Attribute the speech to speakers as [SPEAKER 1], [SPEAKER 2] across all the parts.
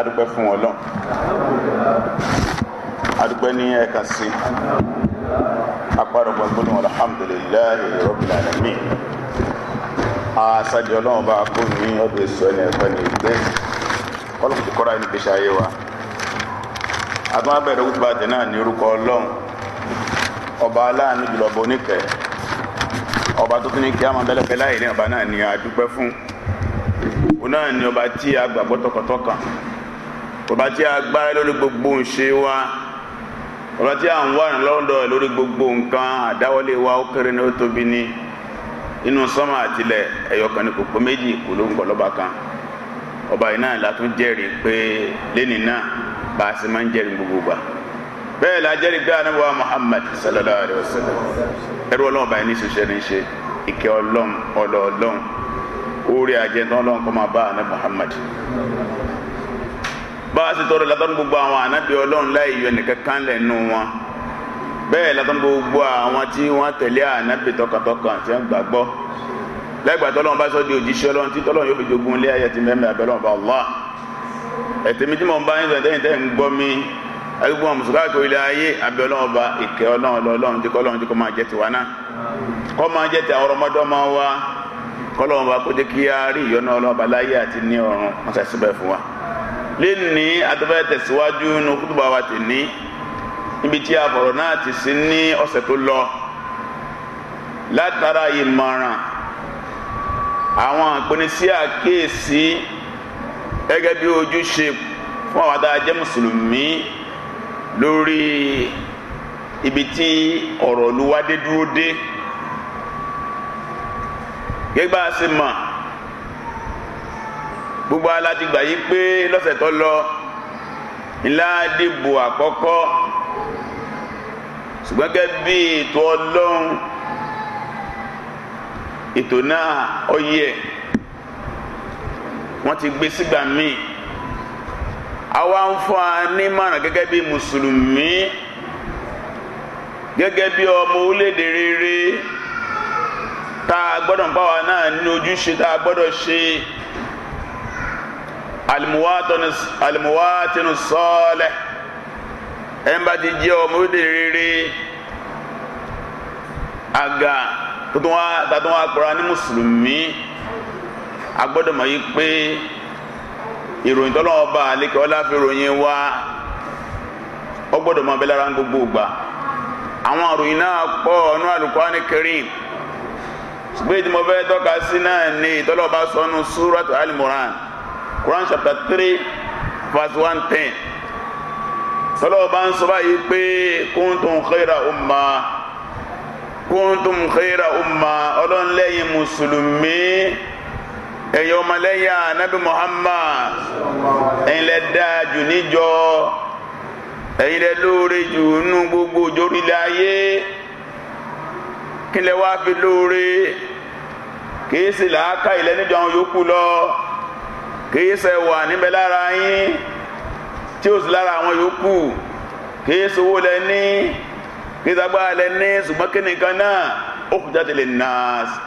[SPEAKER 1] adúpẹ́ fún wọn lọ adúpẹ́ ní ẹ̀ka sí apárọ̀pọ̀ gbóná alhamdulilayi rabbil mi, asadi ọlọ́run bá kó ní ọdún èso ẹni ẹ̀fọ́ ní ìgbẹ́ kọ́lọ́mù ti kọ́ra ẹni gbèsè ayé wa àtúntò abẹ́rẹ́ wípé àtẹ náà ní orúkọ ọlọ́run ọba aláàánú jùlọ ọba oníkẹ́ ọba tó tún ní kí á máa bẹ́lẹ́fẹ́ láì ní ọba náà ní adúpẹ́ fún òun náà ní ọba tí a gbàgbọ́ tọkàntọkàn ọba tí a gbára lórí gbogbo ǹṣe wa ọba tí a ń wà lọ́dọ̀ lórí gbogbo nǹkan àdáwọlé wa ó kéré ní ó tóbi ní inú sánmà àtilẹ̀ ẹ̀yọkàn ní kòkó méjì kò ló ń gbọ́ lọ́ba kan ọba yìí náà la jẹ́rìí pé lẹ́nì náà bá a sì máa ń jẹ́rìí gbogbo gbà bẹ́ẹ̀ la jẹ́rìí pé anábọ̀ Muhammad sallallahu alayhi wa sallam ẹrú ọlọ́run ọba yìí ní ṣiṣẹ́ ní ṣe ìkẹ́ ọlọ́run ọlọ́ọ̀lọ́run orí àjẹtọ́ ọlọ́run kọ́ máa bá anábọ̀ Muhammad bá a sì tọrọ látọ́nu gbogbo àwọn ànábì ọlọ́run láì yọ ẹnìkan kan lẹ́nu wọn bẹ́ẹ̀ látọ́nu gbogbo àwọn tí wọ́n tẹ̀lé ànábì tọkàntọkàn tí wọ́n gbàgbọ́ lẹ́gbàtọ́ lọ́wọ́n bá sọ di òjíṣẹ́ ọlọ́run tí tọ́lọ́run yóò fi jogun lé ayé ti mẹ́mẹ́ abẹ́lọ́wọ́n bá Allah ẹ̀tẹ̀mí tí mò ń bá yín sọ̀rọ̀ tẹ́yìn tẹ́yìn ń gbọ́ mi agbègbè wọn mùsùlùmí àti orílẹ̀ ayé abẹ́ ọlọ́run bá ìkẹ́ ọlọ́run lọ́lọ́run tí kọ́lọ́run tí kò máa jẹ́ tiwa náà kọ́ máa jẹ́ ti àwọn ọmọdé máa wá kọ́lọ́run bá kó dé kí á rí ìyọ́nà ọlọ́run bá láyé àti ní ọ̀run wọn ṣàṣìbẹ̀ lẹ́ni atọ́fẹ́ tẹ̀síwájú nu kútùbà wa ti ní níbi tí a fọ̀rọ̀ náà ti sí ní ọ̀sẹ̀ tó lọ látara ìmọ̀ràn àwọn àpẹnisí àkíyèsí gẹ́gẹ́ bí ojúṣe fún àwọn adájọ́ mùsùlùmí lórí ibi tí ọ̀rọ̀ olúwadé dúró dé gẹ́gbà sí mọ̀ gbogbo aláti gbà yí pé lọ́sẹ̀ tó lọ ńlá dìbò àkọ́kọ́ ṣùgbọ́n gẹ́gẹ́ bí ètò ọlọ́run ètò náà ọyẹ wọ́n ti gbé sígbà míì àwa ń fún wa nímọ̀ràn gẹ́gẹ́ bí mùsùlùmí gẹ́gẹ́ bí ọmọ orílẹ̀-èdè rere tá a gbọ́dọ̀ bá wa náà ní ojúṣe tá a gbọ́dọ̀ ṣe alimuwaatinu sọọlẹ ẹnba ti jẹ ọmọ òde rere aga tuntun wa tatun wa kura ni mùsùlùmí a gbọ́dọ̀ mọ̀ yìí pé ìròyìn tọ́lọ́wọ́ bá aleke ọlá fi ròyìn wa ó gbọ́dọ̀ mọ̀ abẹ́lára ń gbogbo gbà àwọn àròyìn náà pọ̀ ọ̀nà Al-Qur'ani Karim ṣùgbọ́n ìdí mo fẹ́ tọ́ka sí náà ní ìtọ́lọ́wọ́ bá sọnù Suratu al Quran chapter three verse one ten tọ́lọ́wọ́ bá ń sọ báyìí kuntum khayra umma kuntum khayra umma ọlọ́nlẹ́yìn mùsùlùmí ẹ̀yọ́ ọmọlẹ́yìn anabi Muhammad ẹ̀yin lẹ dáa jù níjọ ẹ̀yin lẹ lóore jù nínú gbogbo òjòrílẹ̀ ayé kí fi lóore kìí sì làákà ìlẹ́nìjọ àwọn lọ kìí ṣe wà níbẹ̀ lára yín tí ó sì lára àwọn yòókù kìí sowó lẹ ní kìí sagbára lẹ ní ṣùgbọ́n kí nìkan náà ó kù jáde lè na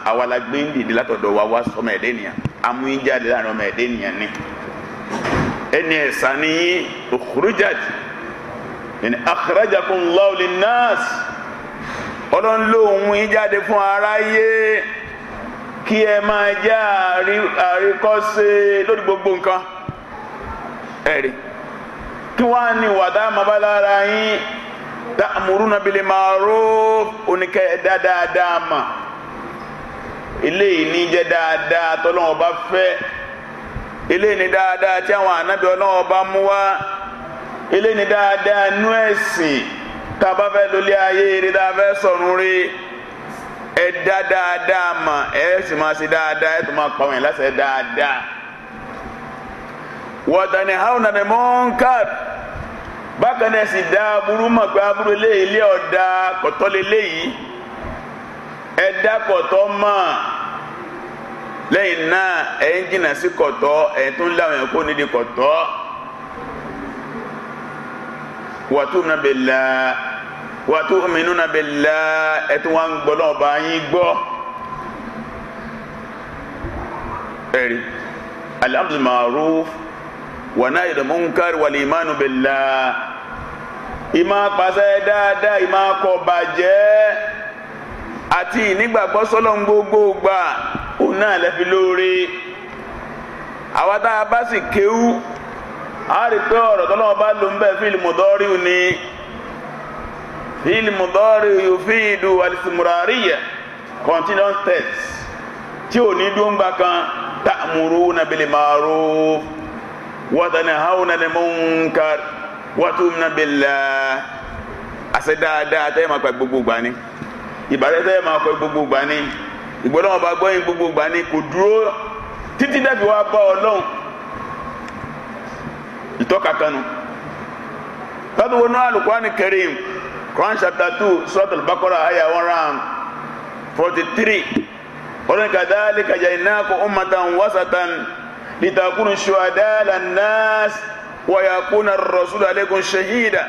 [SPEAKER 1] àwa la gbé ń dìde látọ̀dọ̀ wa wá sọmọ ẹ̀dẹ́ nìyẹn amúyíjáde láàrin ọmọ ẹ̀dẹ́ nìyẹn ni ẹni ẹ̀sà ni yín òkúrújáde ẹni akhrajakum Allahu linnas ọlọ́run lóhun yín jáde fún aráyé kí ẹ máa jẹ́ àríkọ́ṣe lórí gbogbo nǹkan ẹ̀rí kí wọ́n á ní wàdà àmàbálára yín ta'muruna bil ma'ruf oníkẹ́ dáadáa mà eléyìí ní jẹ́ dáadáa tọ́lọ́wọ́n bá fẹ́ eléyìí ní dáadáa tí àwọn ànábì ọlọ́wọ́n bá mú wá eléyìí ní dáadáa nú ẹ̀sìn tá a bá fẹ́ lólé ayé rí tá a fẹ́ sọ̀rùn rí ẹ da dáadáa mà ẹ sì máa ṣe dáadáa ẹ tó máa pa wọn láṣẹ dáadáa wọ̀dàní hàwọn àmì mọ́ńkàr bákan náà sì dá aburú mọ̀ pé aburú eléyìí ilé ọ̀dà kọ̀tọ́ leléyìí ẹ dá kọ̀tọ́ mọ̀ lẹ́yìn náà ẹ ń jìnnà sí kọ̀tọ́ ẹ tún láwọn ẹ̀kọ́ nídìí kọ̀tọ́ wàtúmọ̀ bẹ́ẹ̀ wa tu'minuna billah ẹ tún wá ń gbọ́ náà bá yín gbọ́ ẹ̀rí al-amru ma'ruf wa nahy anil munkar wal-imanu billah ìmọ̀ pàṣẹ dáadáa ìmọ̀ kọ̀ bàjẹ́ àti ìnígbàgbọ́ sọ́lọ́n gbogbo gbà òun náà lẹ́fi lóore àwa tá a bá sì kéwú a ọ̀rọ̀ tọ́lọ́wọ́ bá lò ń bẹ̀ fíìlì mọ̀dọ́rí ni fi'il mudari yufidu alisimurariya continuous tense tí ò ní dóńgbà kan ta'muruna bil ma'ruf wa tanahawna 'anil munkar wa tu'minuna billah àṣẹ dáadáa tẹ́ ẹ máa pa gbogbo gbà ni ìbàdàn tẹ́ ẹ máa pa gbogbo gbà ni ìgbọ́dọ̀ wọn bá gbọ́yìn gbogbo gbà ni kò dúró títí dẹ́bi wá bá ọlọ́run ìtọ́ka kanu tọ́dún wo náà Karim. Quran chapter two surat al-Baqarah ayah one round forty three olórí kadhalika ja'alnakum ummatan wasatan litakunu shuhada'a alan-nas wa yakuna ar-rasulu alaykum shahida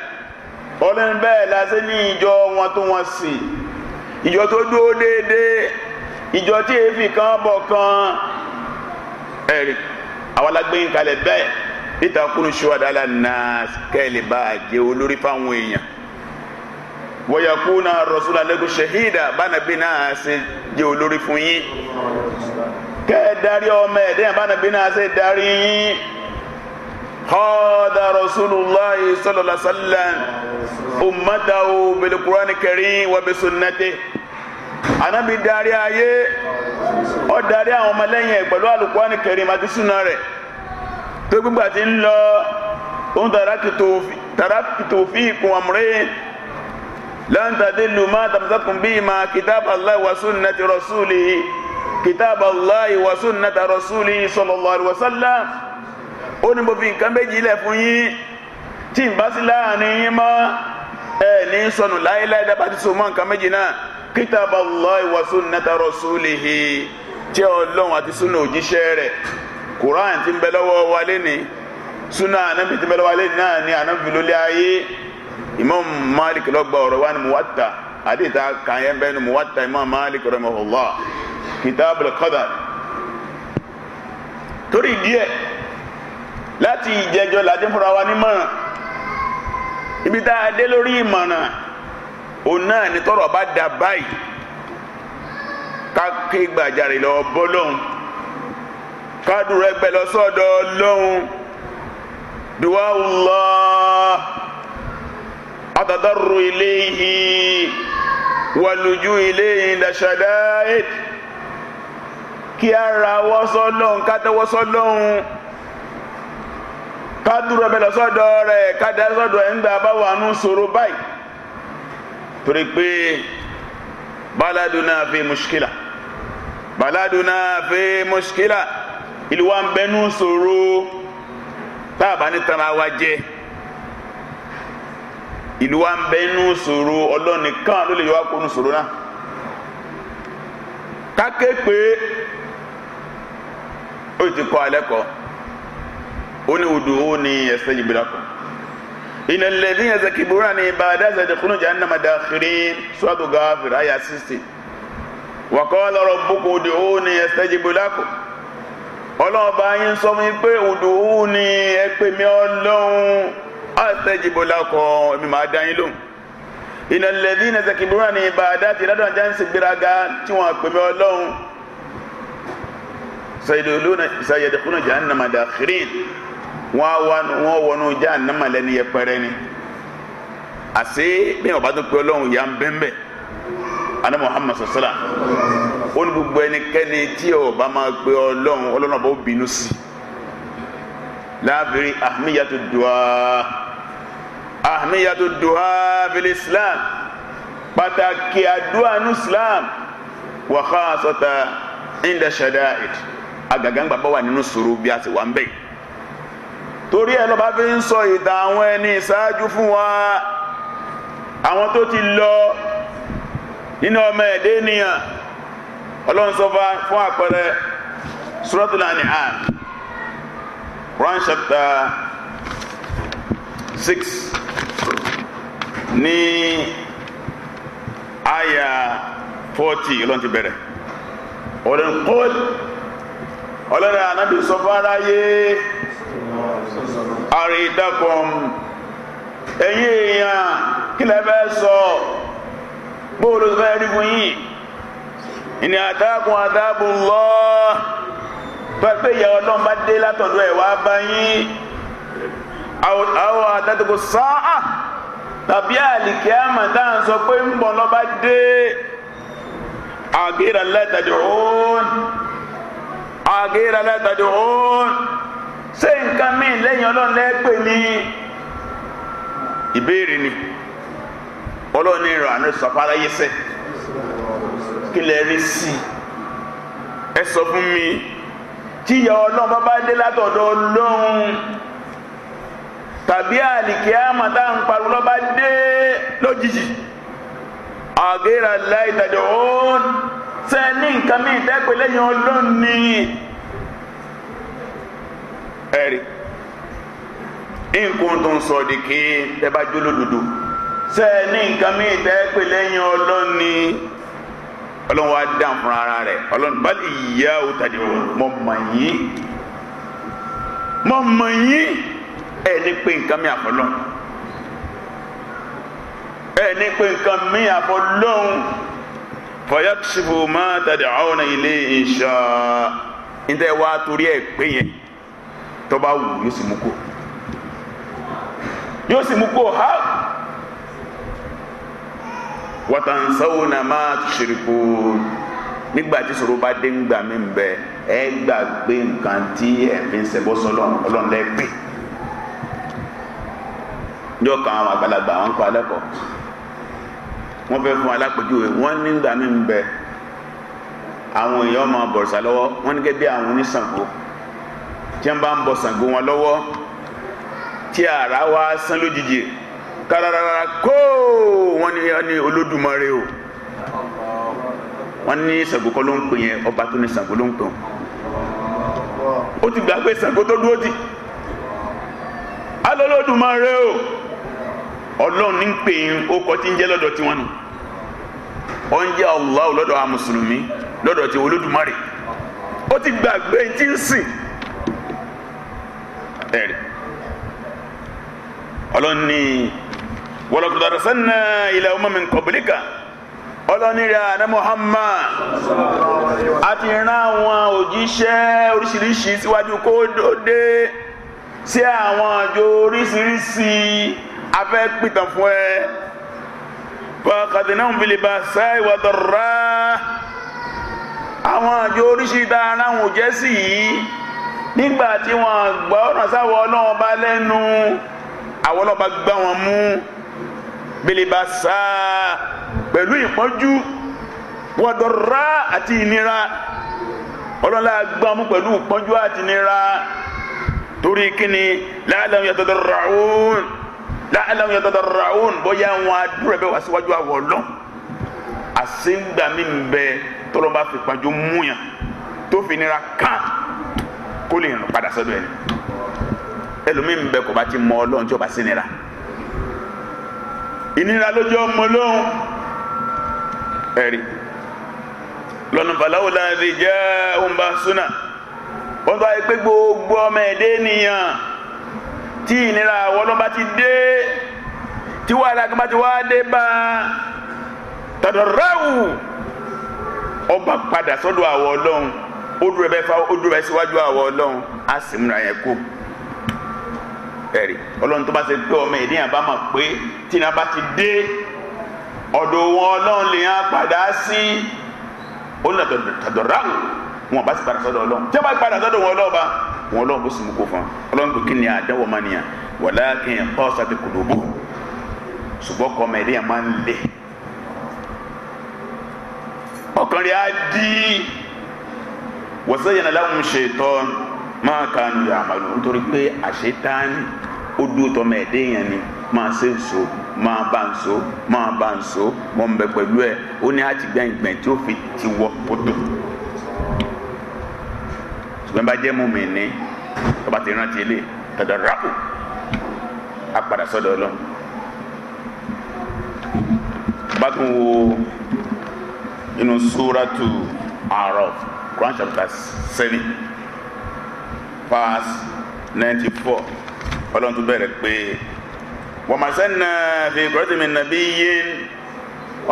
[SPEAKER 1] olórí bẹ́ẹ̀ lásán ní ìjọ wọn tó wọn sì ìjọ tó dúró déédéé ìjọ tí kan bọ̀ kan ẹ̀rì àwọn alágbèyìn kalẹ̀ bẹ́ẹ̀ litakunu shuhada'a alan-nas kẹ́lẹ̀ bá a jẹ́ olórí fáwọn èèyàn wọ̀yàkúnà rọ̀ṣúlà lẹ́kùn ṣẹ̀hídà bánàbí náà ṣe jẹ́ olórí fún yín kẹ́ ẹ darí ọmọ ẹ̀dẹ́yìn bánàbí náà ṣe darí yín hada rasulillahi sallallahu alaihi wa sallam ummatahu bil qur'an karim wa darí ayé ó darí àwọn ọmọlẹ́yìn ẹ̀ pẹ̀lú al-Qur'an karim rẹ̀ tó gbígbà tí ń lọ òun tàràkìtò fi àmúrẹ́yìn lan tadillu ma tamsakum bihi ma kitab allah wa sunnati rasulih kitab allah wa sunnati rasulih sallallahu alaihi wa sallam ó ní mo fi nǹkan méjì lẹ̀ fún yín tí n bá sí láàrin yín mọ́ ẹ ní sọnù láéláé dábàá ti so mọ́ nǹkan méjì náà kitab allah wa sunnati rasulih tí ọlọ́run àti súnà òjíṣẹ́ rẹ̀ quran tí ń bẹ lọ́wọ́ wa lẹ́ni súnà ànábì tí ń bẹ lọ́wọ́ wa lẹ́ni náà ni ànábì lólé ayé imam malik lọgba ọ̀rọ̀ wa ni muwatta adi ta kanyẹ bẹ ni muwatta imam malik rahimahullah kitabul qadar torí díẹ̀ láti ìjẹjọ làdé fúnra wa nímọ̀ràn ibi tá a dé lórí ìmọ̀ràn òun náà ni tọ́rọ̀ bá da báyìí ká ké lọ bọ́ lọ́hùn ká lọ sọ́dọ̀ lọ́hùn duwa Allah atadarru ilayhi walujuu ilayhi inda shada'id kí a ra wọ́sọ́lọ́hún ká tẹ́wọ́ sọ́lọ́hún ká dúró bẹ́ẹ̀ lọ́sọ́dọ̀ rẹ̀ ká dá sọ́dọ̀ ẹ̀ ń gbà bá wà nù sọ̀rọ̀ báyìí torí pé baladuna fi mushkila baladuna fi mushkila ìlú wa ń bẹnu sọ̀rọ̀ tá a bá ní tara wa jẹ́ ìlú wa ń bẹ inú ṣòro ọlọ́run nìkan ló lè yọ wá kó inú ṣòro náà káké pé ó ti kọ́ alẹ́ kọ́ ó ní odò ó ní ẹsẹ̀ yìí gbéra kọ́ ìnà lẹ́dí ẹsẹ̀ kìbúrà ní ibà dáṣẹ̀ ìdíkùnú jà ń nà màdà kiri sọ́dọ̀ gáfìrì sísè wàkọ́ lọ́rọ̀ bókò odò ó ní ẹsẹ̀ yìí kọ́ ọlọ́ọ̀bá yín sọ fún yín pé odò ó ní ẹ pè ọlọ́run àtẹ̀jìbò lakọ̀ èmi máa dá yín lóhùn iná lẹ́dí iná sẹ́kìbúrà ní ìbàdà tí ládùn ajá ń sì gbéraga tí wọ́n pè mí ọlọ́run sàyẹ̀dẹ̀kúnà jahannama dakhirin wọ́n wọnú jahannama lẹ́ni yẹpẹrẹ ni àṣé bí wọn bá tún pè ọlọ́run yà ń bẹ́ńbẹ́ ana Muhammad sasala ó gbogbo ẹnikẹ́ni tí ó bá máa pè ọlọ́run ọlọ́run ọba ó bínú sí láàbìrì ahmiyatu dùá ahmiyatu duha fil islam pàtàkì àdúrà ní islam wa khasata inda shada'id agàgàǹgbà bá wà nínú sòrò bí a ti wà ń bẹ̀ torí ẹ lọ́ba fi ń sọ ìtàn àwọn ẹni ìṣáájú fún wa àwọn tó ti lọ nínú ọmọ ẹ̀dẹ́ ènìyàn ọlọ́run fún àpẹẹrẹ suratul an'am Quran chapter six ní àyà forty ló ń ti bẹ̀rẹ̀ ọ̀rẹ́ nkọ́l ọlọ́rẹ́ anábì sọ fara yé àrídàkùn ẹ̀yin èèyàn kí lẹ fẹ́ sọ bóòlù fẹ́ rí fún yìí ìní àtàkùn àtàbùn lọ́ọ́ tó ẹgbẹ́ ìyá ọlọ́run látọ̀dọ̀ ẹ̀ wá bá yín àwọn àtàtàkù sáà tàbí àlìkí àmà tá à ń sọ pé ń bọ̀ lọ́ba dé àgéra lẹ́tàdì òun àgéra lẹ́tàdì òun ṣé nǹkan míì lẹ́yìn ọlọ́run lẹ́pẹ́ ní ìbéèrè ni ọlọ́run ní ìrọ̀ àná ìsọ̀fára yẹsẹ̀ kí lè rí sí i ẹ sọ fún mi tíyà ọlọ́run bá bá dé látọ̀dọ̀ ọlọ́run. tàbí àlìkíyàmà tá ń pariwo lọ́ba dé lójijì àgẹ́rà láì tàdé òun tẹ ní nǹkan lẹ́yìn ọlọ́run ẹ̀rí nǹkan tó ń sọ di kí ẹ bá jó lódodo tẹ ní nǹkan ọlọ́run wa dá fún ara rẹ̀ ọlọ́run òun mọ̀ mọ̀ yín mọ̀ mọ̀ yín. ẹ ní pé nǹkan mi àfọlọ́hún ẹ pé nǹkan mi àfọlọ́hún fọyọ́kṣìfò máa tàdé àwọn ilé wá torí ẹ pé yẹn wù yóò sì mú kó yóò sì mú kó ha máa nígbà tí sòrò ẹ gbàgbé nǹkan tí ẹ fi ń jọ kan àwọn àgbàlagbà àwọn ń kọ alẹ́kọ̀ọ́ wọ́n fẹ́ fún alápèjúwe wọ́n nígbà mí ń bẹ àwọn èèyàn máa bọ̀rọ̀sà lọ́wọ́ wọ́n ní gẹ́gẹ́ bí àwọn oníṣàngó tí wọ́n bá ń bọ Ṣàngó wọn lọ́wọ́ tí àrá wá sán lójijì kárárárá kó wọ́n ní wọ́n ní Olódùmarè o wọ́n ní Ṣàngó kọ́ ló ń pè yẹn ọba tó ní Ṣàngó ló ń pè ó ti gbà pé Ṣàngó tó dúró ti alólódùmarè o ọlọ́run ní pè é ó kọ́ tí ń jẹ́ lọ́dọ̀ tiwọn nù ó ń jẹ́ Allah lọ́dọ̀ àwọn mùsùlùmí lọ́dọ̀ ti olódùmarè ó ti gbàgbé tí ń sìn ẹ̀rì ọlọ́run ní wọlọ́kùtà sẹ́nà ilẹ̀ ọmọ mi kọ̀bìlíkà ọlọ́run rẹ̀ àná Muhammad a ti rán àwọn òjíṣẹ́ oríṣiríṣi síwájú kó dé sí àwọn àjọ oríṣiríṣi afẹ́ pìtàn fún ẹ fàkàtìnáhùn bìlìbà sáì wà dọ̀rọ̀ àwọn àjọ oríṣiríṣi dára àwọn òjẹ́ sì yìí nígbà tí wọ́n gbọ́ ọ̀nà sáwọ́ ọlọ́wọ́n bá lẹ́nu àwọn ọlọ́wọ́n bá gbá wọn mú bìlìbà sáà pẹ̀lú ìpọ́njú wà àti ìnira ọlọ́lá gbá wọn mú pẹ̀lú ìpọ́njú àti ìnira torí kíni láàlẹ́ yàtọ̀ dọ̀rọ̀ àwọn láàlàmú yẹn tọ́tọ́ raun bóyá wọn adúrẹ́ bẹ́ẹ̀ wá síwájú àwọ̀ lọ. àṣeǹgbà mi ń bẹ tọ́lọ́ba fi pàjọ́ múyàn tó fi nira kán kó lè rìn padà sọ́dọ̀ ẹni. ẹlòmíín bẹ kò bá ti mọ ọlọ́run tí ó bá sí nira. ìnira lójú ọmọ lóhùn ẹ̀rí lọ́nà láti jẹ́ òun súnà wọ́n bá yẹ pé gbogbo ọmọ ẹ̀dẹ́ nìyàn tí ìnira wọlọ́ba ti dé tí wàhálà kan bá ti wá dé bá tọ̀dọ̀rọ̀wù ọba padà sọ́dọ̀ àwọ̀ ọlọ́run ó dúró bẹ́ẹ̀ fa ó dúró bẹ́ẹ̀ síwájú àwọ̀ ọlọ́run á sì múra yẹn kú ẹ̀rí ọlọ́run tó bá ṣe pé ọmọ ìdíyàn bá mọ̀ pé tí iná bá ti dé ọ̀dọ̀ wọn ọlọ́run lè hàn padà sí ó lọ tọ̀dọ̀rọ̀wù wọn bá sì padà sọ́dọ̀ ọlọ́run tí wọ́n bá padà sọ́dọ̀ wọn ọlọ́run wọn ọlọ́run bó sì mú kó fún wa ọlọ́run pé kí ni àdáwọ̀ máa nìyà wàlá kí n kọ́ sábẹ́ kòlóbù ṣùgbọ́n kọ́ ọmọ ẹ̀dẹ́yà máa ń lé ọkàn rẹ̀ á dí wọ́sẹ̀ yẹn láwọn ṣe tọ́ máa kanu àmàlù nítorí pé àṣetán ó dúró tọmọ ẹ̀dẹ́yà ni máa ṣe ń so máa bá ń so máa bá ń mọ̀ ń bẹ pẹ̀lú ẹ̀ ó ní àtìgbẹ́yìn gbẹ̀yìn tí ó fi ti wọ́ pọ̀tò ṣùgbọ́n bá jẹ́ mùmí ní ọba ti rántí ilé tọ̀dọ̀ rákù á padà sọ́dọ̀ ọlọ́ wo inú súrátù Araf Quran chapter seven verse ninety four ọlọ́run tún bẹ̀rẹ̀ pé wọ́n máa sẹ́nà fi kọ́rẹ́tì mi nàbí yé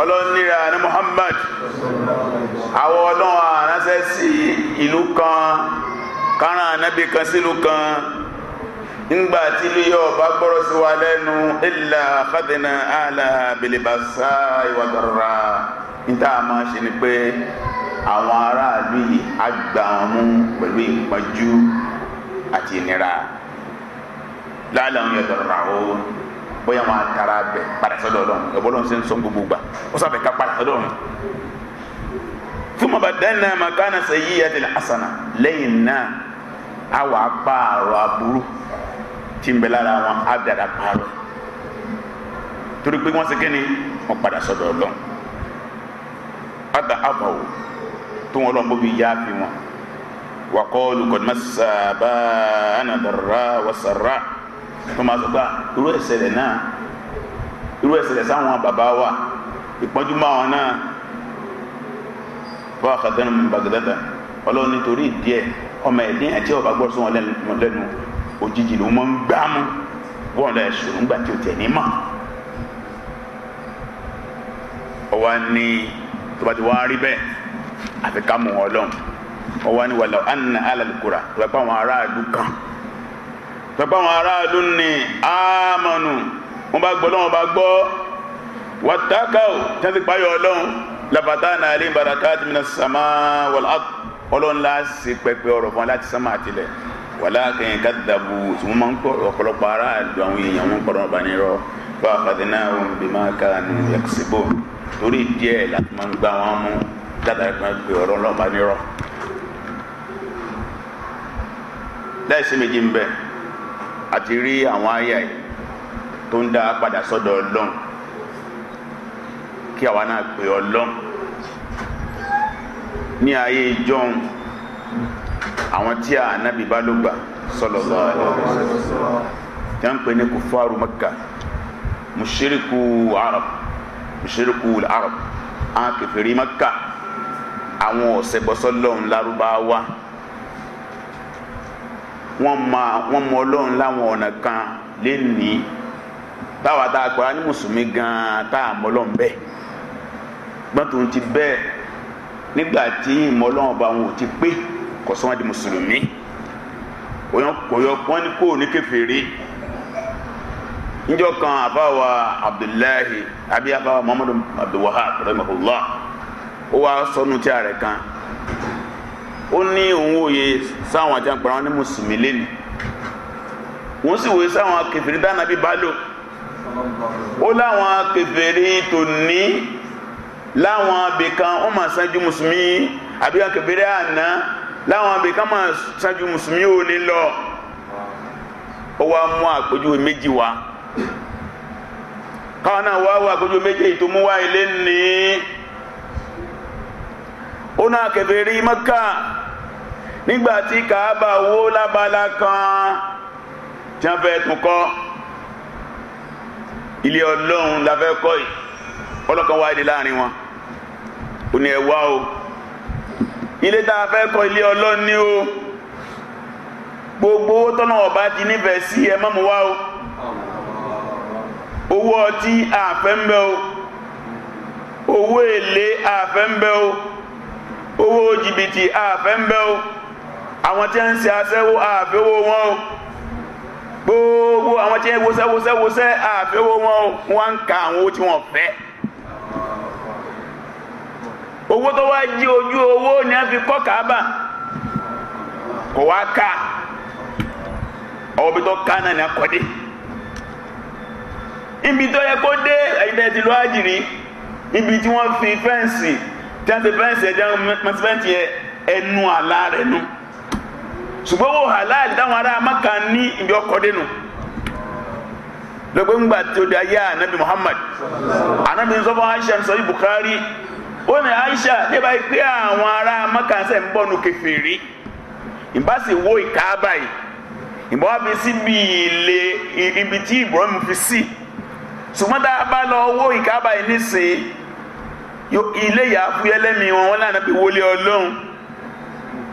[SPEAKER 1] ọlọ́run níra ní Muhammad àwọn ọlọ́run àránṣẹ́ sí ìlú kan kárán ànábì kan sílùú kan ńgbà tí ilé yóò bá gbọ́rọ̀ sí wa lẹ́nu ilà àkàdínà àlà bìlìbàṣà ìwàdàrà níta máa ṣe ni pé àwọn aráàlú yìí á gbà wọn mú pẹ̀lú ìpọ́njú àti ìnira láàlà ń yọ dọ̀rọ̀ àwọn bóyá wọn atara bẹ padà sọ́dọ̀ Ọlọ́run ẹbọ lọrun ṣe ń sọ gbogbo gbà ó sábẹ ká padà sọ́dọ̀ Ọlọ́run fún mọba dẹ́nà màkánà sẹ́yìí yàtìlẹ̀ àsànà lẹ́yìn náà a wà á pààrọ̀ aburú tí ń bẹ lára wọn á dàda pààrọ̀ torí pé wọ́n ṣe kí ni wọ́n padà sọ̀dọ̀ ọlọ́run ada abawo tó wọn lọ́n bó fi yá fi wọn wakọ́ọ̀lù kọ́dùmá sábà ànàdàrà wàsàrà tó máa sọ pé irú ìṣẹ̀lẹ̀ náà irú ìṣẹ̀lẹ̀ sáwọn bàbá wa ìpọ́njú máa wọn náà fún àkàtúntàn bàgàdàtà ọlọ́run nítorí díẹ̀ ọmọ ẹ̀dín àti ọba gbọ́ sún wọn lẹ́nu òjijì ló mọ́ ń gbámú wọn lọ ẹ̀sùn nígbà tí o tẹ̀ ní mọ̀ ọwọ́ ni tó bá ti wá rí bẹ́ẹ̀ àfi ká mú wọn lọ́n ọwọ́ ni wàlọ́ àná alàlùkùrà tó bá pa aráàlú kan tó bá pa aráàlú ní àmọ́nù wọn bá gbọ́ lọ́wọ́ bá gbọ́ wàtákàó tẹ́sí payọ̀ ọlọ́run lafatana alayhim barakatun minas ọlọ́nla ṣe pẹpẹ ọ̀rọ̀ fún wa láti sánmà àtìlẹ̀ wàlá kẹyìn kàdàbù tí wọ́n máa ń kọ́ ọ̀pọ̀lọpọ̀ ara àdó àwọn èèyàn wọn kọ́ra ọba nírọ̀ fún àfàdínà ohun bí máa ka ní yàtìsíbò torí díẹ̀ láti máa ń gbá wọn mú dáadáa ìpín pé ọ̀rọ̀ ọlọ́ba nírọ̀ láìsí méjì ń bẹ àti rí àwọn àyà yìí tó ń dá padà sọ́dọ̀ ọlọ́run kí àwa náà pè ọlọ́run ní ayé jọ́hún àwọn tí a ànábì bá ló gbà sallallahu alaihi wasallam tí wọ́n ń pè ní kufaru Makka mushiriku arab mushiriku arab àwọn kèfèrí Makka àwọn ọ̀sẹ̀bọ̀sọ́lọ́hún lárúbáwá wọ́n mọ wọ́n mọ ọlọ́run láwọn ọ̀nà kan lénìí táwa tá a pera ní mùsùlùmí gan-an tá a mọ ọlọ́run bẹ́ẹ̀ gbọ́n tó ń ti bẹ́ẹ̀ nígbà tí ìmọ̀ ọlọ́run ọba wọn ò ti pé kò sọ́wọ́n di mùsùlùmí òyọ̀pọ̀ ní kò ní kèfèrí níjọ́ kan àbáwa abdullahi àbí àbáwa muhammadu abdulwahab rahimahullah ó wá sọnù tí a rẹ̀ kan ó ní òun òye sáwọn àti àpàrà wọn ní mùsùlùmí lẹ́nu wọ́n sì wòye sáwọn kèfèrí dáná bíbá lò ó láwọn kèfèrí tó ní láwọn abìkan wọ́n máa sanju mùsùlùmí àbí akẹ́bẹ̀rẹ̀ àná láwọn abìkan máa sanju mùsùlùmí ò ní lọ ó wá mú àpèjúwe méjì wá káwọn náà wá wá àpèjúwe méjì tó mú wá ilé ní ó náà kẹfẹ́rí mọ́kà nígbà tí kàábà wó lábala kan tí wọ́n fẹ́ tún kọ́ ilé ọlọ́run la fẹ́ kọ́ yìí ọlọ́kan wá dé láàrin wọn ó ní ẹ wá o ilé tá a fẹ́ kọ́ ilé ọlọ́run ni o gbogbo owó tọ́nà ọba ti nífẹ̀ẹ́ sí ẹ má mú wá o owó ọtí àfẹ́ ń bẹ o owó èlé àfẹ́ ń bẹ o owó jìbìtì àfẹ́ ń bẹ o àwọn tí ń ṣe aṣẹ́wó àfẹ́wó wọn o gbogbo àwọn tí ń wọṣẹ́wọṣẹ́wọṣẹ́ àfẹ́wó wọn o wọ́n ń ka àwọn owó tí wọ́n fẹ́. owó tó wá jí ojú owó ni a fi kọ́ Kaaba kò wá ká ọ̀bí tó ká náà ni a kọ́ dé ibi tó yẹ kó dé ti lọ́ àjìrí ibi tí wọ́n fi fẹ́ǹsì tí wọ́n fi fẹ́ǹsì ẹ̀jẹ̀ mọ́sífẹ́ǹsì ẹnu àlá rẹ̀ nu ṣùgbọ́n wò halal táwọn ará Maka ní ibi ọkọ̀ dé nu lọ́gbẹ́ngbà tó di ayé anabi Muhammad anabi nsọ́fọ́ Aisha nsọ́yí ó ní Aisha ní báyìí pé àwọn ará mọ́kànsẹ̀ ń kefere kẹfìrí ìbá sì wó ìkaaba yìí ìbá fi síbi ibi tí Ibrahim fi sí ṣùgbọ́n tá a bá lọ wó ìkaaba yìí nísìnyí ilé yà á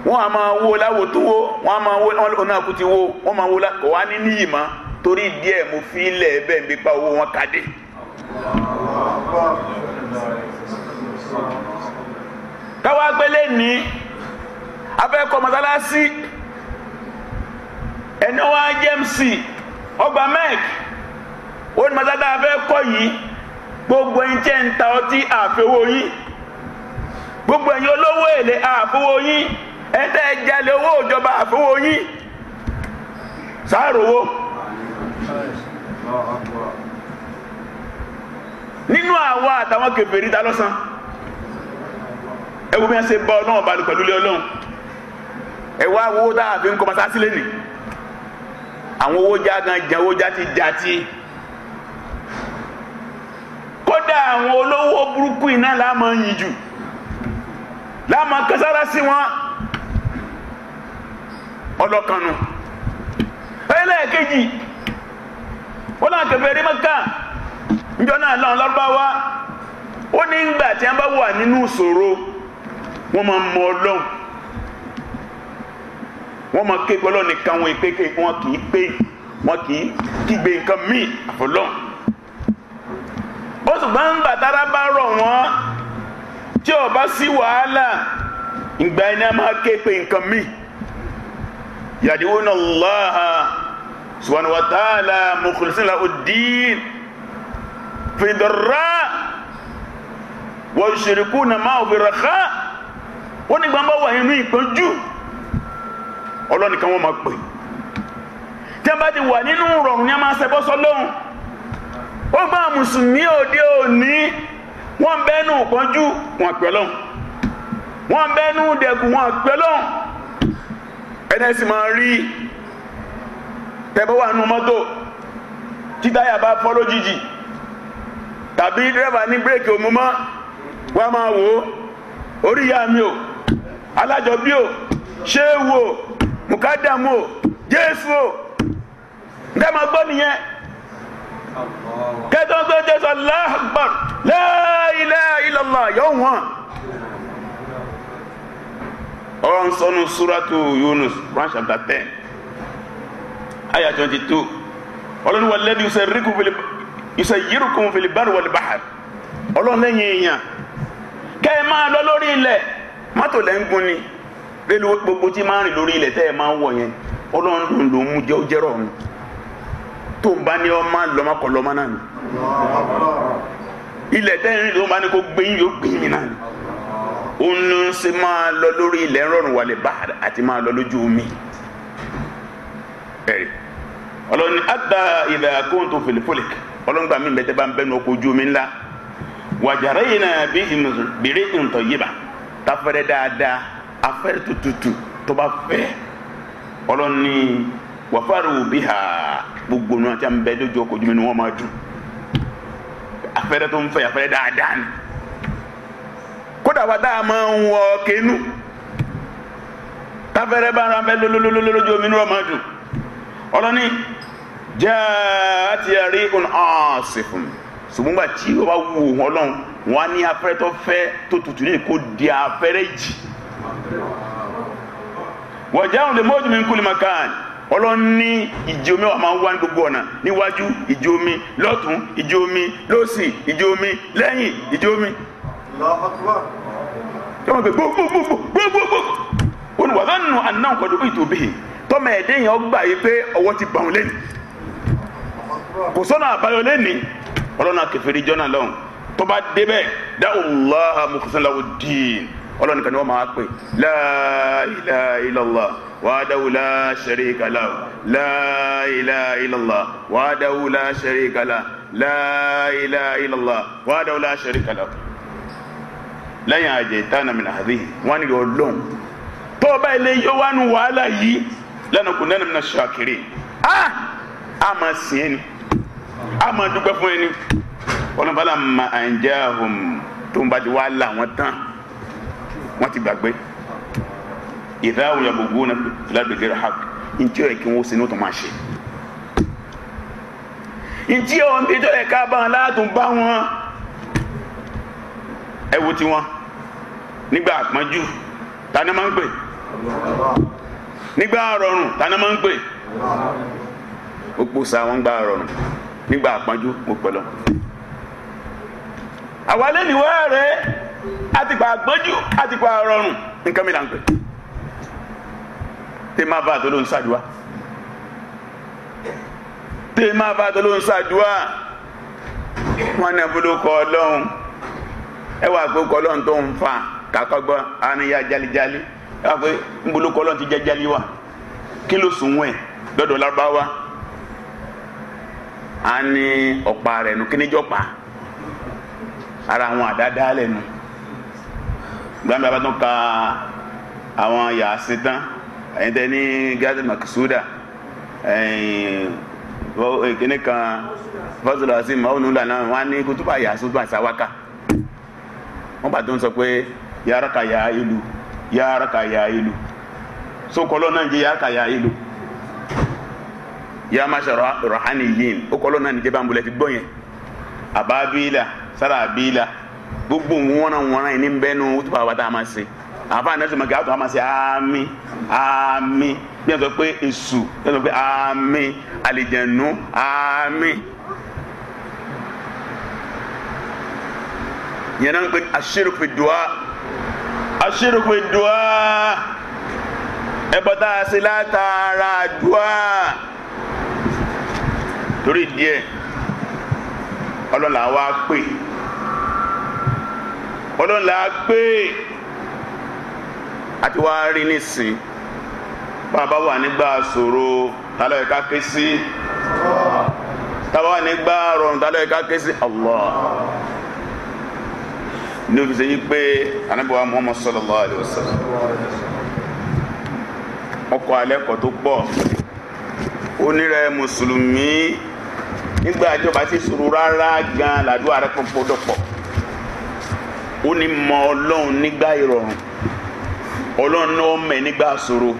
[SPEAKER 1] wọn a máa wo láwo tó wo wọn a máa wo wọn lọ́nà ti wo wọn máa wo la wá ní níyì mọ́ torí mo fi ilẹ̀ pa káwá gbélé ní abẹ́kọ̀ mọ́sálásí ẹni wá james ọgbà mike ó ní mọ́sálásí abẹ́kọ̀ yìí gbogbo ẹni tẹ́ ń ta ọtí àfẹwò yín gbogbo ẹni olówó èlé àfẹwò yín ẹni tẹ́ ẹ jalè owó ìjọba àfẹwò yín sáàrówó nínú àwa àtàwọn kèfèrí lọ́sàn-án. Ewu wo bí wọ́n ṣe bá ọlọ́run balùwẹ̀ ilé owó fi ń masá àwọn owó já gan jẹ owó já ti já ti kódà àwọn olówó burúkú iná láàmú yin jù láàmú kására sí wọn ọlọ́kanu ẹlẹ́ẹ̀kejì wọ́n náà rí náà ó ní ń gbà tí bá wọ́n máa mọ ọlọ́run wọ́n máa ké gbọ́lọ́ nìkan wọn èpè ké wọn kì í pé wọn kì í kígbe nǹkan míì àfọlọ́ ó ṣùgbọ́n ń bàtàrà bá rọ̀ wọ́n tí ó bá sí wàhálà ìgbà ẹni a máa ké pé nǹkan míì yàdíwó náà lọ́ha subhanahu wa ta'ala mukhlisin lahu ad-din fi darra wa yushrikuna ma'ahu fi ó ní gbàmbá wà nínú ìpọ́njú ọlọ́ni kan wọ́n máa pè tẹ́ bá ti wà nínú rọrùn ní a máa ṣẹbọ sọ́lọ́hun ó gbà mùsùlùmí òde òní wọ́n bẹ́nu ìpọ́njú wọn pẹ́ lọ́hùn wọ́n bẹ́nu dẹ̀kùn wọn pẹ́ lọ́hùn ẹ̀dẹ́ máa rí tẹ́ wà nínú mọ́tò títáyà bá fọ́ lójijì tàbí dírẹ́fà ní bírèkì òmùmọ́ wọ́n máa wò ó orí ìyá mi ò alájọbí o ṣéwu o mùkádàmù o jésù o ǹjẹ́ máa gbọ́ nìyẹn kẹ́tọ́ tó jésù Allahu Akbar la ilaha illallah yóò wọ́n ọ̀rọ̀ ń sọnù súrátù Yunus branch chapter ten ayah twenty two ọlọ́run wà lẹ́nu ìṣe yírùkún fìlìbárù wal bahr ọlọ́run lẹ́yìn èèyàn kẹ́ ẹ máa lọ lórí ilẹ̀ mọ́tò lẹ́ńgún ni bẹ́ẹ̀ ló gbogbo tí máa ń rìn lórí ilẹ̀ tẹ́ ẹ máa ń wọ̀ yẹn ọlọ́run ló ń mú jẹ́ ó jẹ́rọ̀ ọ̀hún tó ń bá ní ọmọ lọ́mọkọ lọ́mọ náà ni ilẹ̀ tẹ́ ń rìn ló ń bá ní kó gbé yín yóò gbé yín náà ni òun ṣe máa lọ lórí ilẹ̀ rọrùn wàlẹ̀ bá àti máa lọ lójú omi ẹ̀rì ọlọ́run àgbà ìlà kóńtò fèlèfòlèkì ọlọ́run gbà mí bẹ́tẹ́ bá ń bẹ́nu ọkọ̀ ojú omi ńlá tafẹ́rẹ́ dáadáa afẹ́rẹ́ tututu tó bá fẹ́ ọlọ́ni wàfáàrò bí ha gbogbo nínú àti àmì bẹ́ẹ̀ lójú ọkọ̀ ojúmi ni wọ́n máa dùn afẹ́rẹ́ tó ń fẹ́ afẹ́rẹ́ dáadáa ni kódà wà dáa máa ń wọ kẹnu tafẹ́rẹ́ bá ara bẹ́ẹ̀ lólólólólójú omi ni wọ́n máa dùn ọlọ́ni jẹ́ àti àrí ọ̀nà ọ̀sìn fún mi ṣùgbọ́n gbà tí ó bá wọn n'i ní afẹ́rẹ́ tó fẹ́ tó tutù ní kó di afẹ́rẹ́ jì wọ́n jáwọn lè mọ́jú mi ń kúlì ní ìjì omi wa máa ń wá gbogbo ọ̀nà níwájú omi lọ́tún ìjì omi omi lẹ́yìn ìjì omi. yọ̀wọ̀n pé gbogbogbogbogbogbogbò nù kọjú ọgbà yìí pé ti bàwọn kò àbáyọ jọ́nà tó bá débẹ̀ dáwùláhà mùkúsánláwù dín ọlọ́ni kan ni wọ́n máa pè la ilaha illallah wàdáwù la sharika lahu la ilaha illallah wàdáwù la sharika lahu la ilaha illallah wàdáwù la sharika lahu. lẹ́yìn àjẹ́ tánà mi nàá rí wọ́n ní ọlọ́run tó bá ilé yóò wá nu wàhálà yìí lẹ́nu kù nẹ́nu mi náà ṣàkiri ah! a máa sìn ẹni a máa dúpẹ́ fún ẹni ọlọ́mọbàlá ma àǹjẹ́ ahùn tó ń bá ti wá là wọ́n tán wọ́n ti gbàgbé ìdáhùn yàgògbó náà lágbègbè rẹ̀ hàk ntí ọ̀yẹ́ kí wọ́n sinú tó máa ṣe. ntí ọ̀hún bí ìjọ́ ẹ̀ka bá wọn láàtún bá wọn ẹ wo tiwọn nígbà àpọ́njú tani máa ń pè nígbà àrọ̀rùn tani máa ń pè gbogbo sa wọn gbà àrọ̀rùn nígbà àpọ́njú mo pẹ̀lọ́ àwa lẹ́nu wá rẹ̀ àtìpà àgbọ́njú àtìpà rọrùn nǹkan mi là ń pè tẹ́ máa bá àtọ́lóhùn ṣàdúrà tẹ́ máa bá àtọ́lóhùn ṣàdúrà wọn náà bolókọ ọlọ́run ẹ wà pé kọ ọlọ́run tó ń fa kàkọ́gbọ́ àníyá jalijali ẹ wà pé bolókọ ọlọ́run ti jẹ́ jali wa kí ló sùn wẹ̀ lọ́dọ̀ lárúbáwá a ní ọ̀pá rẹ̀ nù kí ní jọ́pàá ara àwọn àdáadáa lẹ́nu gbàmí bàbá tó ka àwọn yàásí tán ẹ̀yin tẹ́ ní gádé makisuda kíní kan fọ́sùlù ọ̀sìn mọ́wùnú lànà wọn á ní kútùbà yàásí tó àṣà wákà wọn bàtọ́ sọ pé yàrá ka yà á ìlú yàrá ka yà ìlú sokolo náà jẹ yàrá ka yà ìlú yàrá ma ṣe rọhánì yìí ó náà nìjẹ́ bá ń bolẹ̀ ti gbọ́ yẹn àbábílà sára àbílà gbogbo wọnàwọnà yìí ní bẹ́ẹ̀ nu wútu bàbá tá a máa ṣe àfa àná sọmọ gàtọ a máa ṣe àmín àmín bí wọn sọ pé èṣù bí wọn sọ pé àmín àlìjẹnu àmín. yẹn náà ń pè aṣèrò dùá aṣèrò dùá ẹbọ tá a ṣe látara dùá torí díẹ̀ ọlọ́lá wa pè ọlọ́run là á gbé àti wá rí nísìn bá a bá wà nígbà ṣòro tálọ́ ẹ̀ka ké sí tábà wà nígbà rọrùn tálọ́ ẹ̀ka ké sí Allah ní òfìsẹ́ yìí pé anábìwá Muhammad sallallahu alaihi wasallam ọkọ̀ alẹ́ kọ̀ tó pọ̀ onírẹ̀ mùsùlùmí nígbà àjọba ti sùúrù rárá gan làdúrà rẹ̀ pọ̀ pọ̀ dọ̀pọ̀ ó ní mọ ọlọ́run nígbà ìrọ̀rùn ọlọ́run náà mọ̀ ẹ́ nígbà ṣòro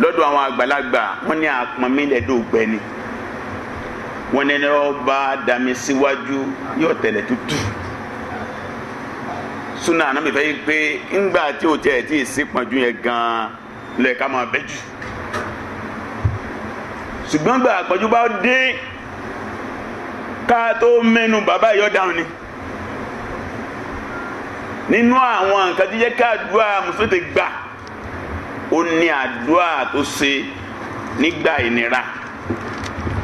[SPEAKER 1] lọ́dọ̀ àwọn àgbàlagbà wọ́n ní àpọ̀nmílẹ̀ dògbẹ́ ni wọ́n ní ọba dàmí síwájú yóò tẹ̀lẹ̀ tútù súnà ànámi fẹ́ pé ńgbà tí o tẹ̀ tí ì sí pọ̀njú yẹn gan-an lẹ̀ ká máa bẹ́ jù ṣùgbọ́n gbà àpọ̀jú bá dé ká tó mẹ́nu bàbá yọ̀ dáhùn ni nínú àwọn nǹkan tí jẹ́ ká àdúrà mùsùlùmí ti gbà ó ní àdúrà tó ṣe nígbà ìnira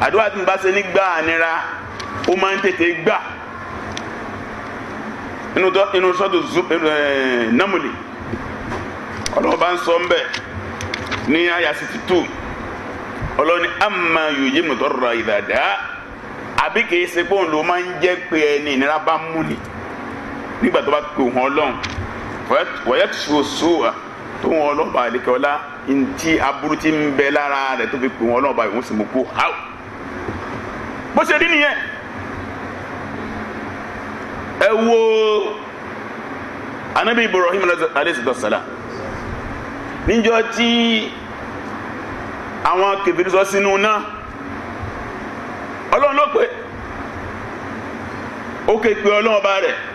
[SPEAKER 1] àdúrà tí mo bá ṣe nígbà ìnira ó máa ń tètè gbà inú tó inú sọ́dọ̀ eh, námúlì ọlọ́run bá ń sọ mbẹ́ ní àyà sixty two ọlọ́run ní àmà yòòyé mọ̀tọ́rọ̀ ìdàdá àbí kìí ṣe pé òun ló máa ń jẹ́ pé ẹni ìnira bá mú ni nígbà tó bá pè wọn ọlọ́run wọ́yẹ́ tó so à tó wọn ọlọ́run bá àlekẹ́ ọlá ntí aburú ti ń bẹ lára rẹ̀ tó fi pè wọn ọlọ́run bá ìwọ̀n sì mú kó háù bó ṣe rí nìyẹn ẹ wo anabi Ibrahim alayhi salam níjọ tí àwọn kèfèrí sọ sínú náà ọlọ́run ló pè ó ké pe ọlọ́run ọba rẹ̀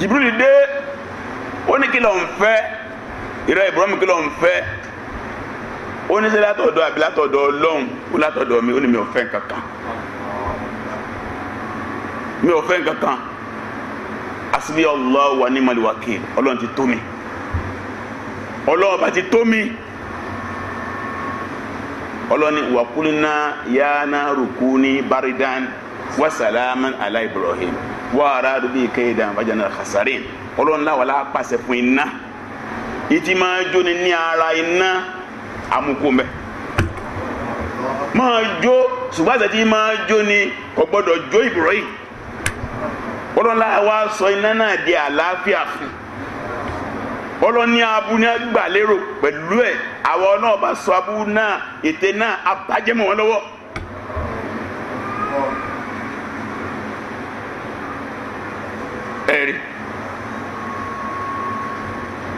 [SPEAKER 1] Jibril dé ó ní kí ló ń fẹ́ ìrẹ́ Ibrahim kí ló ń fẹ́ ó ní ṣé látọ̀dọ̀ àbí látọ̀dọ̀ Ọlọ́run ó látọ̀dọ̀ mi ó ní mi ò fẹ́ kankan mi ò fẹ́ kankan asibi Allah wa ni maliwaki Ọlọ́run ti tó mi Ọlọ́run bá ti tó mi Ọlọ́run ni wàkúnná yánà rukuni baridan wa salaman ala ibrahim wa aradu bi kaydan fajana khasarin ọlọ́run náà wàlá pàṣẹ fún iná ìtì máa jó ni ní ara iná amukumẹ máa jó ṣùgbọ́n àti máa jó ni kò gbọ́dọ̀ jó ibrahim ọlọ́run náà wá sọ iná náà di àlàáfíà fún ọlọ́ni abu ní agbàlérò pẹ̀lú ẹ̀ àwọn náà bá sọ abu náà ète náà abájẹ́mọ̀ wọn lọ́wọ́. rere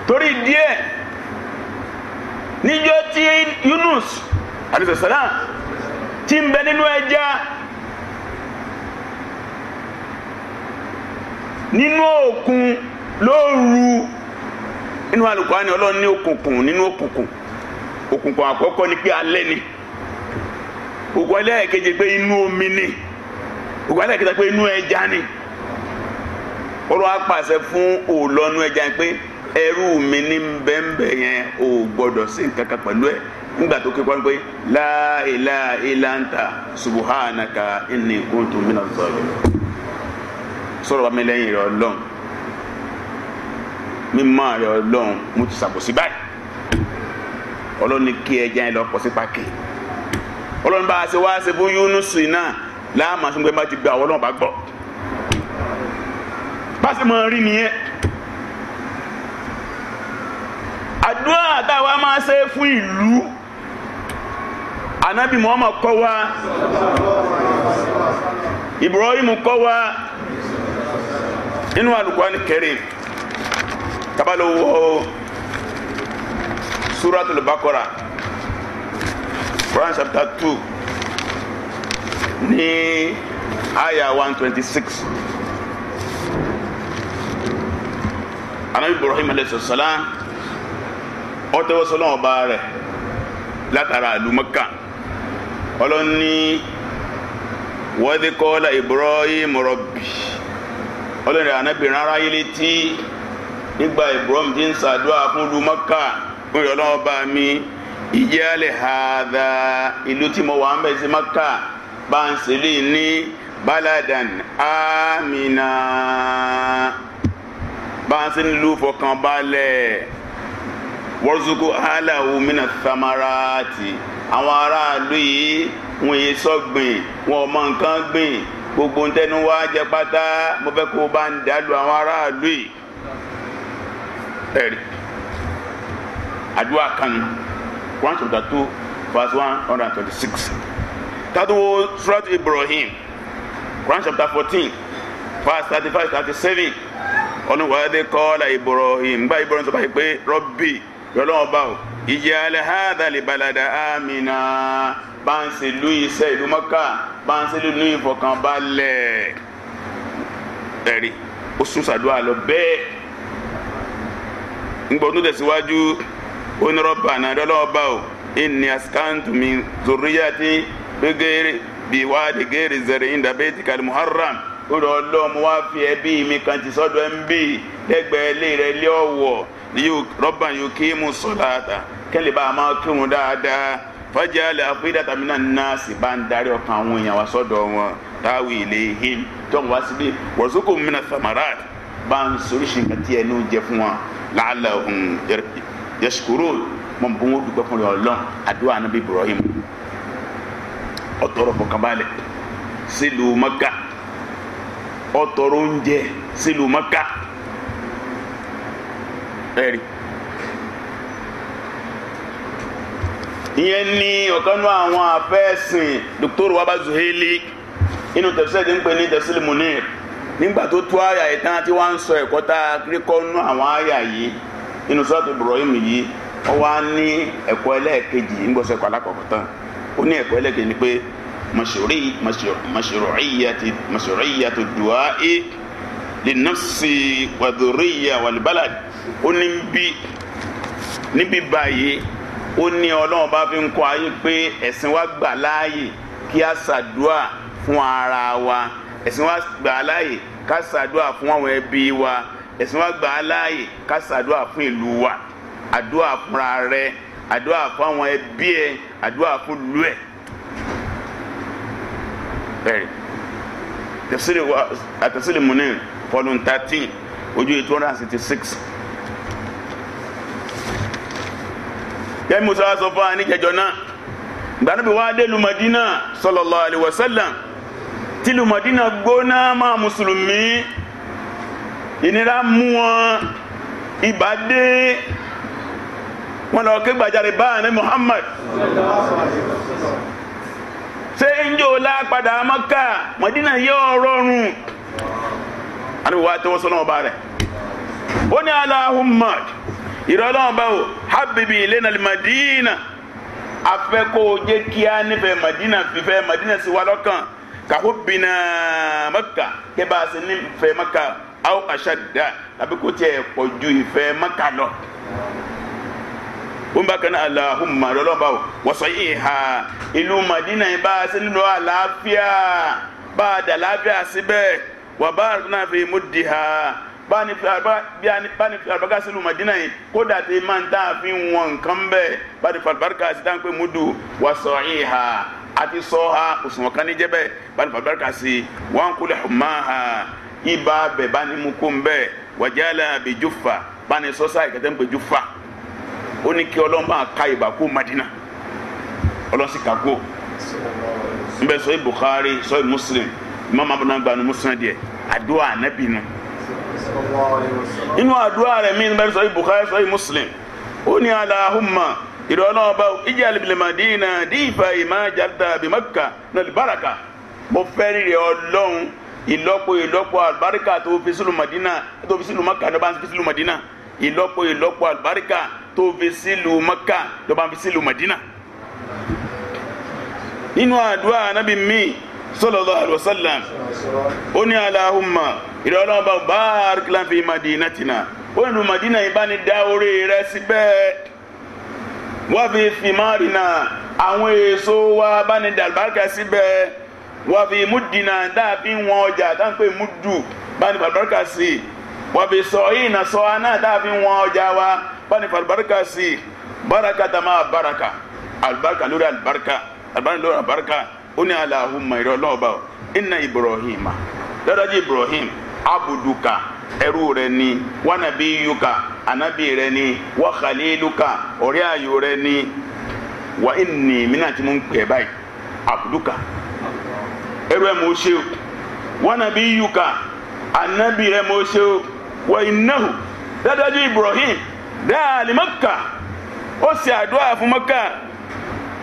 [SPEAKER 1] torí díẹ̀ níjọ́ tí Yunus alayhisalaam ti ń bẹ nínú ẹja nínú òkun lóru nínú Al-Kùránì Ọlọ́run ní òkùnkùn nínú òkùnkùn òkùnkùn àkọ́kọ́ ni pé alẹ́ ni òkùnkùn ẹlẹ́ẹ̀kejì pé inú omi ni òkùnkùn ẹlẹ́ẹ̀kejì pé inú ẹja ni olùwà pàṣẹ fún òlọ́nu ẹja pé ẹrú mi ní bẹ́ẹ̀nbẹ́ yẹn ò gbọ́dọ̀ sí nǹkan pẹ̀lú ẹ̀ nígbà tó kékeré pé la ilaha illa anta subhanaka inni kuntu minaz zalimin sọ̀rọ̀ wa mi lẹ́yìn rẹ̀ ọlọ́run mímọ́ rẹ̀ ọlọ́run mo ti ṣàbòsí báyìí ọlọ́run ní kí ẹja yẹn lọ pọ̀ sí pàkì ọlọ́run bá a ṣe wá ṣe fún Yúnúsì náà láàmú àṣùgbọ́n bá ti gba àwọn ọlọ́run bá gbọ́ pásì mọ̀ rí nìyẹn àdúrà táwa máa ṣe fún ìlú anabi muhammad kọ́ wa ibrahim kọ́ wa inú alukwani kẹrin tabalo wo suratul bakora quran chapter two ní aya one twenty six. anabi ibrahim alayhisalaam salam. tẹ́wọ́ sọ́lọ́run ọba rẹ̀ látara ìlú Mẹ́kà ọlọ́ni wọ́díkọ́lá ibrahim rọ̀bì ọlọ́ni anabi rárá yìí létí nígbà ibrahim ti ń ṣàdúrà fún ìlú Mẹ́kà fún ìrọ̀lọ́run ọba mi ìjẹ́lẹ̀ hàdà ìlú tí mo wà ń bẹ̀ sí Mẹ́kà bá ń ṣẹlẹ̀ ní baladan amina báńsẹ̀ nílùú fọkànbalẹ̀ wọ́rọ́sùkú aláwo mina samarati àwọn aráàlú yìí wọn yé sọ́gbìn wọn ò mọ nǹkan gbìn gbogbo ń tẹnu wá jẹ pátá mo fẹ́ kó o bá ń dàlú àwọn aráàlú yìí àdúrà kan one chapter two verse one hundred and twenty-six tàdúwò surat Ibrahim one chapter fourteen verse thirty-five thirty-seven ọ̀nà wàdí kọ́lá Ibrahim gba Ibrahim sọ báyìí pé rọ́bì yọlọ́wọ́ bá o ìjẹ́ alẹ́ hàdà lè balada amina bá ń ṣe lu iṣẹ́ ìlú mọ́kà bá ń ṣe lu ìfọkànbalẹ̀ ẹ̀rí ó sún sàdúrà lọ bẹ́ẹ̀ ngbọ́n tó tẹ̀síwájú onírọ́bà náà yọlọ́wọ́ bá o ìní asikantu mi zoriyati gbẹgẹrẹ bíi wáàdì gẹrẹ zẹrẹ ìdàbẹ́tì kalimuharam rọ ọlọ́run mo wá fi ẹbí mi kan ti sọ́dọ̀ ẹ̀ ń bì lẹ́gbẹ̀ẹ́ ilé rẹ̀ lé ọ̀wọ̀ rọ́bà yóò kí mu sọ̀láàtà kẹ́lẹ́ bá a máa kírun dáadáa fọ́jà ilẹ̀ àfídàtà mi náà náà sì bá ń darí ọkàn àwọn èèyàn wá sọ́dọ̀ wọn táwọn ilé him tó ń wá síbí wọ̀sùkò mìíràn samarat bá ń soríṣi nǹkan tí ẹnu jẹ fún wọn làálà ọ̀hún yẹsùkúrò mọ̀ bó wọn dùgbọ́ fún ọlọ́run àdúrà nàbí Ibrahim ọ̀tọ̀rọ̀ fọkànbalẹ̀ sílùú Mẹ́kà. ọtọrọ oúnjẹ silu maka ìyẹn ní ọ̀kanú àwọn afẹ́sìn Dr. Wahba inu inú tẹ̀sílẹ̀ ń pè ní tẹ̀sílẹ̀ Munir nígbà tó tú àyà ìtàn tí kiri kọ́ nú àwọn àyà yìí inú sọ́ọ̀tù Ibrahim yìí wọ́n wá ní ẹ̀kọ́ ẹlẹ́ẹ̀kejì ń gbọ́sọ̀ ẹ̀kọ́ alákọ̀ọ́kọ́ مشروعي مشروعية مشروعية الدعاء للنفس والذرية والبلد ó ní bí níbí báyìí ó ní ọlọ́run bá fi ń kọ́ ayé pé ẹ̀sìn wa gbà láàyè kí a ṣàdúà fún ara wa ẹ̀sìn wa gbà láàyè ká ṣàdúà fún àwọn ẹbí wa ẹ̀sìn wa gbà láàyè ká ṣàdúà fún ìlú wa àdúà fúnra rẹ àdúà fún àwọn ẹbí ẹ àdúà fún ìlú ẹ ẹ̀rí tẹ̀sílẹ̀ wa àtẹ̀sílẹ̀ Munir volume thirteen ojú two hundred and sixty six. yẹ́n musa sọ fún wa ní jẹjọ náà gbanabi wa dé lu Madina sallallahu alaihi wasallam tí lu Madina gbóná máa mùsùlùmí ìnira mú wọn ibà dé wọn lọ ké gbàjarè báyìí ní Muhammad ṣé njó la padà maka mọ̀dínà yóò rọrùn àníbi wàá tẹ́wọ́ sọ́nà ọba rẹ̀ ó ní Allahumma ìrọ̀lọ́wọ́n bá wò habibi ilena madina afẹ́ kó o jẹ́ kí a nífẹ̀ẹ́ madina fífẹ́ madina sí wa lọ́kàn kàhó bìnnà maka kí bá a sì nífẹ̀ẹ́ maka aw aṣáda tàbí kó tiẹ̀ pọ̀ ju ìfẹ́ maka lọ wọn bá kan alahumma lọlọba wọsọ yìí ha ìlú madina yìí bá a ṣe nílò àlàáfíà bá a dà láàfíà síbẹ̀ wà bá àrùnà fi mú di ha bá ní fi àlùbáríkà sílùú madina yìí kódà tí máa ń tà fi wọn nǹkan bẹ́ẹ̀ bá ní fi àlùbáríkà sí dáńpé mudu wọsọ yìí ha àti sọ ha òṣùwọ̀n kan ní jẹ́bẹ̀ bá ní fi àlùbáríkà sí wọn kúlẹ̀ ọ̀ma ha ó ní kí ọlọ́run bá ka ìbá kó madina ọlọ́run sì kà kó n bẹ sọ yìí bukhari sọ yìí muslim mama bọ̀ náà gbanu muslim díẹ̀ àdúrà ànábì nu inú àdúrà rẹ̀ mí n bẹ sọ yìí bukhari sọ yìí muslim ó ní alahumma ìrọ̀lọ́ ọba ìjà àlùbìlẹ̀mọ̀dínà dìfà ìmọ̀ jàdá àbímọ́kà náà lè báraka mo fẹ́ rírẹ ọlọ́run ìlọ́po ìlọ́po àlùbáríkà tó fi sílùmọ̀dínà tó fi sílùmọ̀kà tó bá ń fi sílùmọ̀dínà ìlọ́po ìlọ́po àlùbáríkà tó fi sílùú Mẹ́kà ló bá fi sílùú Mẹ́dínà nínú àdúrà anábì míì sallallahu alaihi wasallam ó ní Allahumma ìrọlọ́ba barik lana fi madinatina ó ní Mẹ́dínà yìí bá ní dá orí rẹ̀ síbẹ̀ wá fi fìmárìnà àwọn èso wa bá ní dàlbáríkà síbẹ̀ wá fi múdìnà dáàbí wọn ọjà dáńpé múdù bá ní dàlbáríkà sí wá fi sọ yìí nà sọ aná dáàbí wọn ọjà wa bani falibarika si baraka dama baraka alibarika lori alibarika alibarika lórí alibarika ó ní alahuma ìrẹ ọlọ́ọ̀ba o ina ibrahim dadaji ibrahim abuduka ẹrú rẹ ni wanabi yuka anabi rẹ ni wakaliluka ọ̀rẹ́ ayò rẹ ni wa inni mina ti mu ń pè báyìí abuduka ẹrú ẹ mọ̀ ṣe o wanabi yuka anabi rẹ mọ̀ ṣe o wa inahu dájú ibrahim dáàlì mọ́kà ó sì àdúrà fún mọ́kà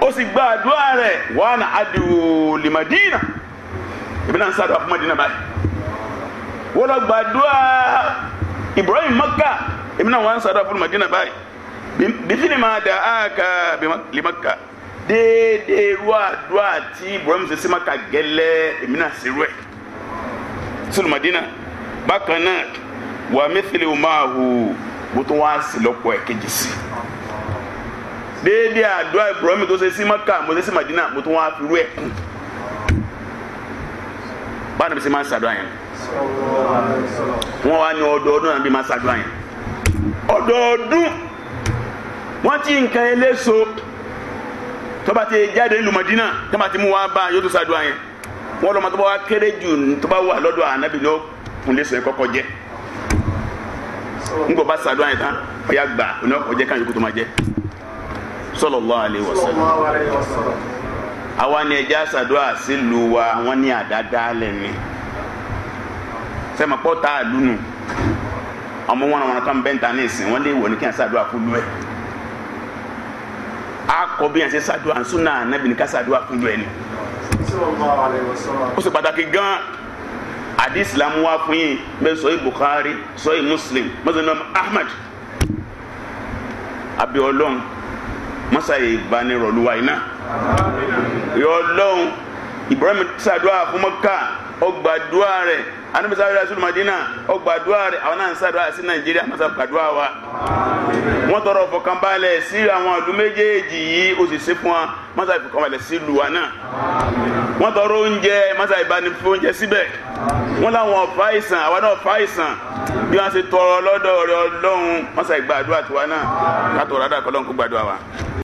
[SPEAKER 1] ó sì gba àdúrà rẹ̀ wà ní adìwò lè Madina ìbí náà ń sàdúrà fún Madina báyìí wọ́n lọ gbàdúrà Ibrahim mọ́kà ìbí náà wọ́n ń sàdúrà fún Madina báyìí bìtìlì máa dà á ka lè maka déédéé ru àdúrà tí ibrahim ṣe sí maka gẹ́lẹ́ èmi náà ṣe rú ẹ̀ sùlùmọ́dínà bákan náà wà mẹ́sìlẹ̀ ò máa hù bó tó wá sí lọ́pọ̀ ẹ̀ kejì sí déédéé àdúrà ìbùrọ̀mì tó ṣe sí mọ́kà mo ṣe sí màdínà mo tó wá fi rú ẹ̀ kù báwo ni bí ṣe máa ń ṣàdúrà yẹn wọ́n wá ní ọdọọdún náà máa ń ṣàdúrà ọdọọdún wọ́n ti nǹkan eléso tó ti jáde nílùú mọ̀dínà tó ti mú wá bá yóò tó ṣàdúrà yẹn wọ́n lọ́mọ tó bá wá kéré jù tó bá wà lọ́dọ̀ ànábì ló kùn lẹ́sẹ̀ kọ́kọ́ jẹ́ ńgbọ bá sàdúrà yẹn tán ọyà gbà ọ̀nà ọkọ̀ jẹ́ káyọ̀ kó tó máa jẹ́ sallallahu alaihi wasallam àwa ni ẹja sàdúrà sílùú wa wọn ní àdáda lẹ́nu sẹ́mi pọ́ tá a lùnù ọmọ wọn àwọn kan bẹ́ńtà ní ìsìn wọn lè wọ ní kí n a fún lù ẹ̀ akọ bí yàn ṣe sàdúrà nsúnà nàbìnrin ká sàdúrà fún lù ẹ̀ ni ó sì pàtàkì gan adi silamu wa fún yín bẹ́ẹ̀ sọ Bukhari sọ yìí Muslim mọ́sálẹ́mù Ahmad abiolóhùn mọ́sáyé ìbánirọ̀lúwa iná yọ lọ́hùn Ibrahim sàdúrà fún ọgbàdúrà rẹ̀ anamisa ayọ̀dá sùlù madina ọgbàdúrà rẹ̀ àwọn náà ń sàdúrà sí nàìjíríà masa gbàdúrà wa. wọ́n tọrọ ìfọkànbalẹ̀ sí àwọn ìlú méjèèjì yìí ó sì ṣe fún wa masa ìfọkànbalẹ̀ sí ìlú wa náà. wọ́n tọrọ oúnjẹ masa ìbánifọ oúnjẹ síbẹ̀ wọ́n láwọn ọ̀fà ìsàn àwọn náà ọ̀fà ìsàn bí wọ́n ṣe tọrọ lọ́dọ̀ rẹ̀ ọlọ́run masa ìgbàdúrà tiwa náà látọ̀ rádà kọ́lọ́n